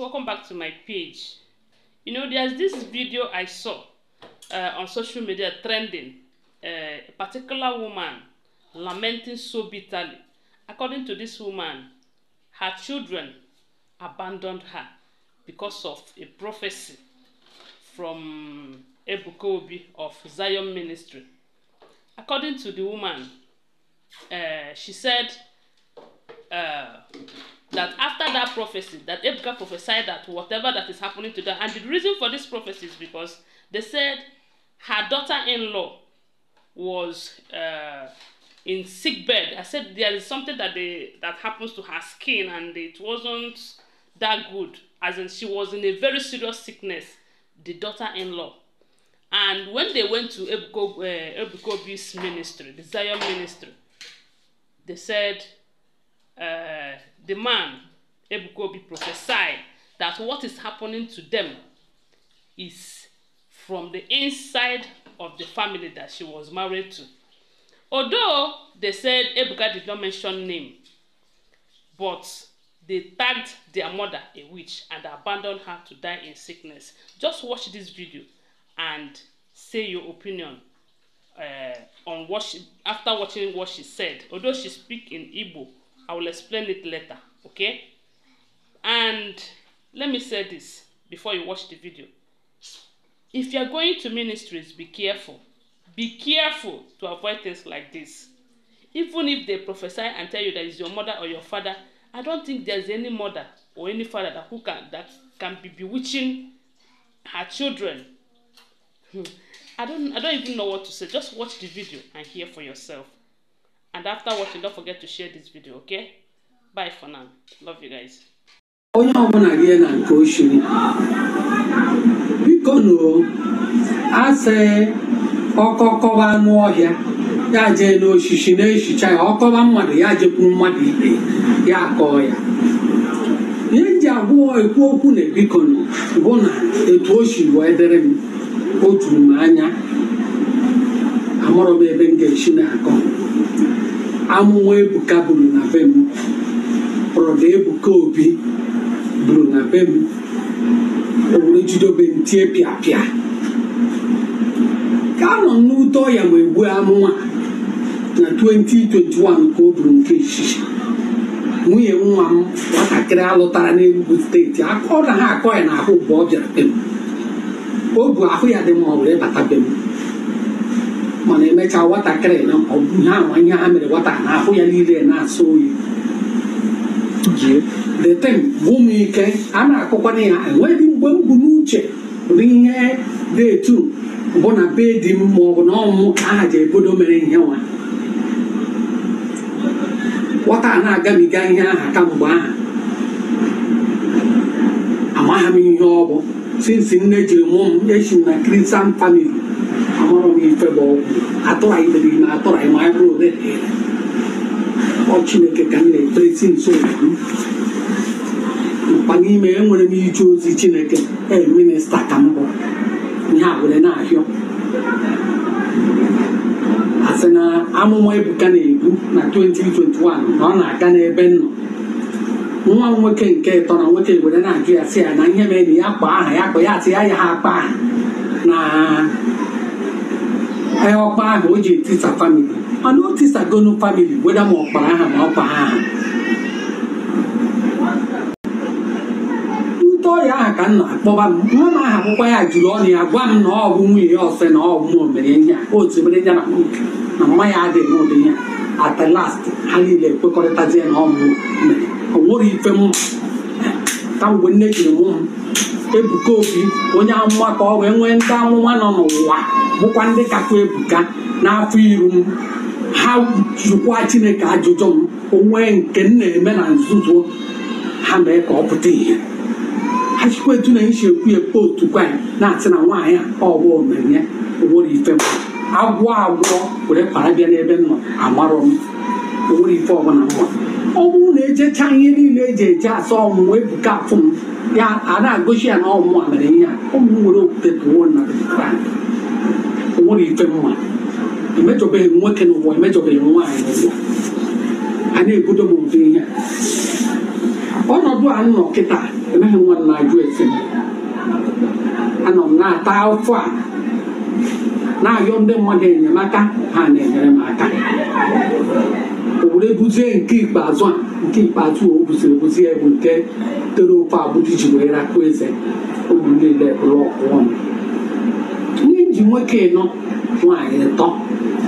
welcome back to my page. You know, there's this video I saw uh, on social media trending, uh, a particular woman lamenting so bitterly. According to this woman, her children abandoned her because of a prophecy from Ebuka Obi of Zion Ministry. According to the woman, uh, she said that after that prophecy, that Abraham prophesied that whatever that is happening to them, and the reason for this prophecy is because they said her daughter-in-law was uh, in sick bed. I said there is something that they that happens to her skin, and it wasn't that good. As in, she was in a very serious sickness. The daughter-in-law. And when they went to uh, Ebukobi's uh, ministry, the Zion ministry, they said uh, the man, Ebukobi, prophesied that what is happening to them is from the inside of the family that she was married to. Although they said Ebuka did not mention name, but they tagged their mother a witch and abandoned her to die in sickness. Just watch this video and say your opinion uh, on what she, after watching what she said. Although she speak in Igbo, I will explain it later, okay? And let me say this before you watch the video. If you are going to ministries, be careful. Be careful to avoid things like this. Even if they prophesy and tell you that it's your mother or your father, I don't think there's any mother or any father that, who can, that can be bewitching her children. Hmm. I don't, I don't even know what to say. Just watch the video and hear for yourself. and after watching don't forget to share this video okay bye for now love you guys onye ọbụla gị na nke ochie biko nụrụ asị ọkọkọba anụ ọhịa ya jee n'osisi na-ehicha ya ọkọba mmadụ ya jekwuru mmadụ ibe ya akọọ ya ihe m agwụọ ekwu okwu na biko bụ na etu o si wee dịrị m o juru m anya amụrụ m ebe m ga-esi na-akọ amụma Ebuka buru na be m prọda Ebuka Obi buru na be m owere jidobe m tie pịapịa ka anọ m n'ute ọya ma egbu amụma na 2021 ka o buru nke ichichi nwunye nwa m nwatakịrị alụtara n'Enugu steeti ọ na ha akọ ya n'ahụ be o bu ahụ ya dị ma ọ were bata be ma na emechaa nwatakịrị na mkpọgbu ha ma ihe ha mere nwata na ahụ ya niile na-asọ oyi dete gwụ m ike a na-akụkwana ya enweghị mgbe m n'uche ụdị ihe dị etu bụ na be di m ma ọ bụ na ọmụmụ ka aha ji ebodo mere ihe nwa nwata na-agabiga ihe aha kamgbe aha amagha m ihe ọ bụ sinsi nne jiri mụọ m esi na kristian famili ahụrụ gị ifebe ọgwụ atụghaghịdere gị na atụghaghị ma anyị bụrụ ọ chineke ka m na-eto isi nso m mkpa n'ime enwere m ozi chineke ee minista ka m bụ ihe a were na-ahịọ na amụma Ebuka na-ebu na 2021 na ọ na-aga n'ebe nnọ nwa m nwoke nke nwoke were na ya sị a na ihe ya a ya ha ọkpa ahụ o ji etisa famili mana o tisagonu famili weda m ọkpa aha ma ọkpa aha ute ọrịa aha ka m na-akpọba m nwa m aha bụkwa ya jiri ọnụ ya gwa m na ọ bụ nwunye ya ọsọ na ọ bụ m mere ihe a otu mere ya na na mma ya adịghị n'ụdị ya at ha niile ekwekọrịtazie na ọmụ ọ nwere ife m ka mgbe nne jiri mụ m ebuka obi onye amụma ka ọ wee nwee ndị amụma nọ n'ụwa bụkwa ndị kakwa ebuka n'afọ iru m ha jụkwa chineke ajụjụ m onwe nke m na-eme na nzuzo ha mee ka ọ pụta ihe ha chikwa etu na isi ekwu ya potu kwa na-asị na nwaanyị a ọ bụ omenye onwere ife m agwọ agwọ were kwara bịa n'ebe m nọ amarọ m onwere ife ọbụla mma ọ bụrụ na ejecha ihe niile eji eje asa ọmụmụ ebuka afụ m ya ada agosi ya na ọmụ a ihe a ụmụ nwere okwute pụwo na nwere ife mma emejọbeghị nwoke na ụwa emejọbeghị nwaanyị n'ụwa a na-ebudo m ụdị ihe ọnọdụ a nnọ kịta emeghị nwa na-ajụ ese m anọ m na-ata afọ a na-ayọ ndị mmadụ enyemaka ha na-enyere m aka obulebuze nke ikpeazụ a nke ikpeazụ o buziri ebuzi ya bụ nke tere ofe abụji ji wee rakwa eze ogburu niile bụrụ ọnụ ndị ji nwoke ịnọ nwaanyị ịtọ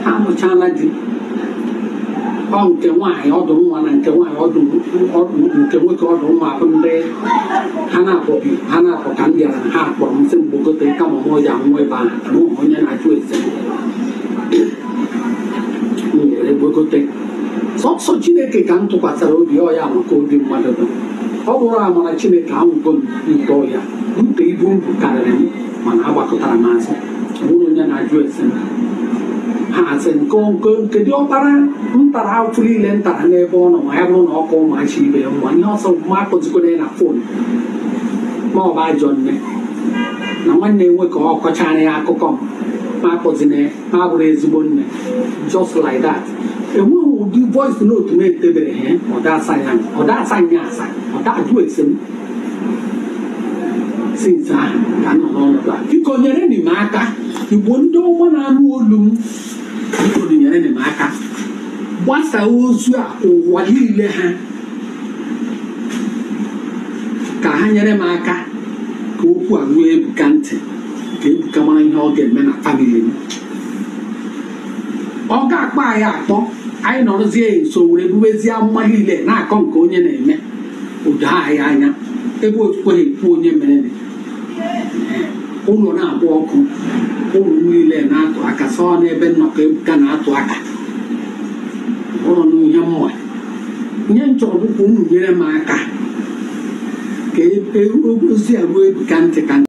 ha mụchala di ọ nke nwaanyị ọdụ nwa na nke nwaanyị ọdụ nke nwoke ọdụ nwa bụ ndị ha na-akpọbi ha na-akpọ ka m bịara ha akpọrọ m sị m gbogote kama m ji anwụ ebe ahụ ka m onye na-ajụ ese m nyere gbogote sọsọ chineke ka m tụkwasịrị obi ọya maka obi mmadụ bụ ọ bụrụ amara chineke anwụgo nke ọhịa mpe ibu m karịrị m mana agbakọtara m azụ bụrụ onye na-ajụ esi ha asị nkedụ ọkpara m tara afụ niile m n'ebe ọ nọ ma ya bụrụ na ọkụ ụmụachi ibe ya nwa ihe ọsọ ma akụzikwere ya na fon ma ọ bụ ajọ nne na nwanne m nwoke ọ kọchara ya akụkọ m ma akụzina ya ma abụrụ ezigbo nne just like that enwe ụdị voice note na-etebere ha ọ da-asa ya ọ da-asa ya asa ọ da-ajụ ese m si nke ahụ ka nọ n'ọnọdụ a biko nyere m aka igbo ndị ọma na-anụ olu m biko nyere m aka gbasaa ozu a ụwa niile ha ka ha nyere m aka ka okwu a ruo ebuka ntị ka ebuka mara ihe ọ ga-eme na famili m ọ ga-akpa anyị atọ anyị nọrọzie nso were ebubezie amụma niile na-akọ nke onye na-eme odo anyị anya ebe otukweghị ekwu onye mere ụlọ na-agba ọkụ ụlọ niile na-atụ aka sọọ n'ebe nnọkọ ebuka na-atụ aka ụlọ na ihe mma ihe nchọrọbụkwa unu nyere m aka ka e, e, ozi a ruo ebuka ntị ka ntị